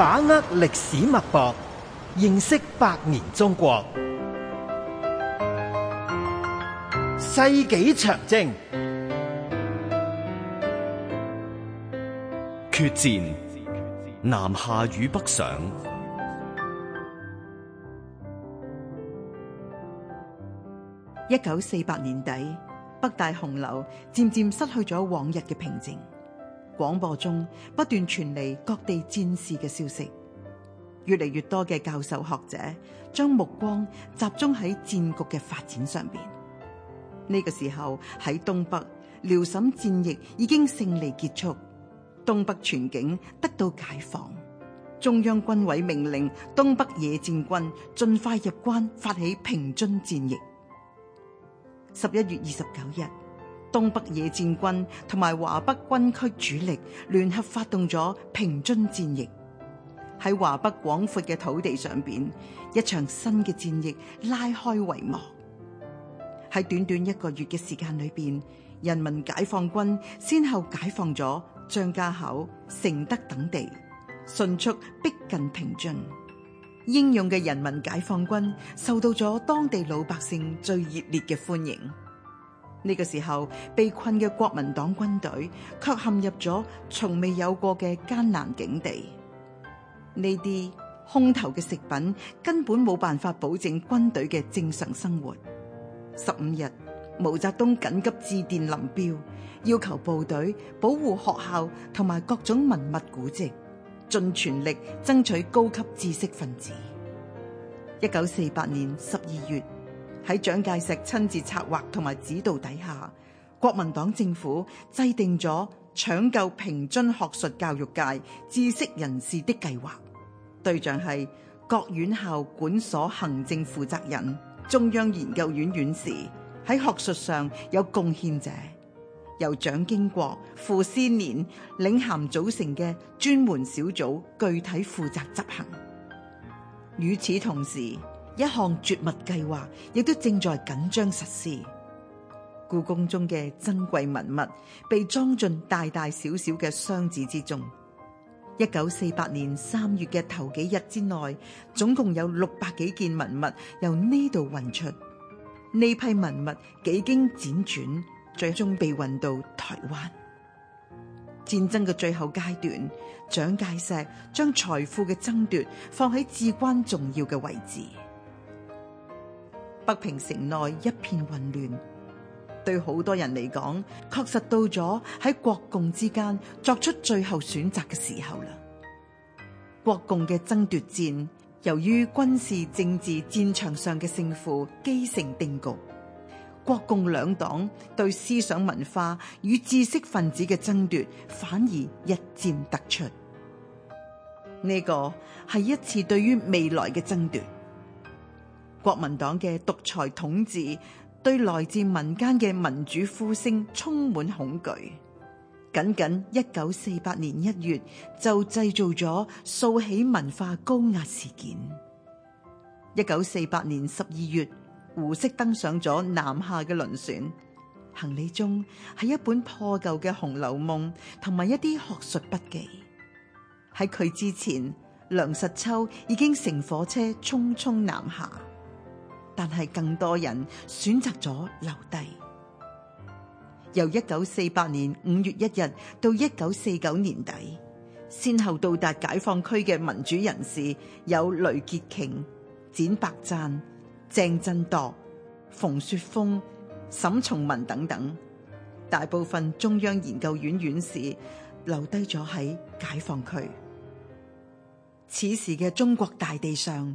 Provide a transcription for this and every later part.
把握歷史脈搏，認識百年中國。世紀長征，決戰南下與北上。一九四八年底，北大紅樓漸漸失去咗往日嘅平靜。廣播中不斷傳嚟各地戰事嘅消息，越嚟越多嘅教授學者將目光集中喺戰局嘅發展上面。呢、這個時候喺東北遼沈戰役已經勝利結束，東北全境得到解放。中央軍委命令東北野戰軍盡快入關，發起平津戰役。十一月二十九日。東北野戰軍同埋華北軍區主力聯合發動咗平津戰役，喺華北廣闊嘅土地上邊，一場新嘅戰役拉開帷幕。喺短短一個月嘅時間裏邊，人民解放軍先後解放咗張家口、承德等地，迅速逼近平津。英勇嘅人民解放軍受到咗當地老百姓最熱烈嘅歡迎。呢個時候被困嘅國民黨軍隊卻陷入咗從未有過嘅艱難境地。呢啲空投嘅食品根本冇辦法保證軍隊嘅正常生活。十五日，毛澤東緊急致電林彪，要求部隊保護學校同埋各種文物古蹟，盡全力爭取高級知識分子。一九四八年十二月。喺蔣介石親自策劃同埋指導底下，國民黨政府制定咗搶救平津學術教育界知識人士的計劃，對象係各院校管所行政負責人、中央研究院院士喺學術上有貢獻者，由蔣經國、傅斯年領銜組成嘅專門小組具體負責執行。與此同時。一項絕密計劃亦都正在緊張實施。故宮中嘅珍貴文物被裝進大大小小嘅箱子之中。一九四八年三月嘅頭幾日之內，總共有六百幾件文物由呢度運出。呢批文物幾經輾轉，最終被運到台灣。戰爭嘅最後階段，蔣介石將財富嘅爭奪放喺至關重要嘅位置。北平城內一片混亂，對好多人嚟講，確實到咗喺國共之間作出最後選擇嘅時候啦。國共嘅爭奪戰，由於軍事政治戰場上嘅勝負既成定局，國共兩黨對思想文化與知識分子嘅爭奪，反而一戰突出。呢個係一次對於未來嘅爭奪。國民黨嘅獨裁統治對來自民間嘅民主呼聲充滿恐懼，僅僅一九四八年一月就製造咗數起文化高壓事件。一九四八年十二月，胡適登上咗南下嘅輪船，行李中係一本破舊嘅《紅樓夢》同埋一啲學術筆記。喺佢之前，梁實秋已經乘火車匆匆南下。但係更多人選擇咗留低。由一九四八年五月一日到一九四九年底，先後到達解放區嘅民主人士有雷潔瓊、翦伯贊、鄭振鐸、馮雪峰、沈從文等等。大部分中央研究院院士留低咗喺解放區。此時嘅中國大地上，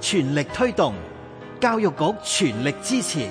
全力推動，教育局全力支持。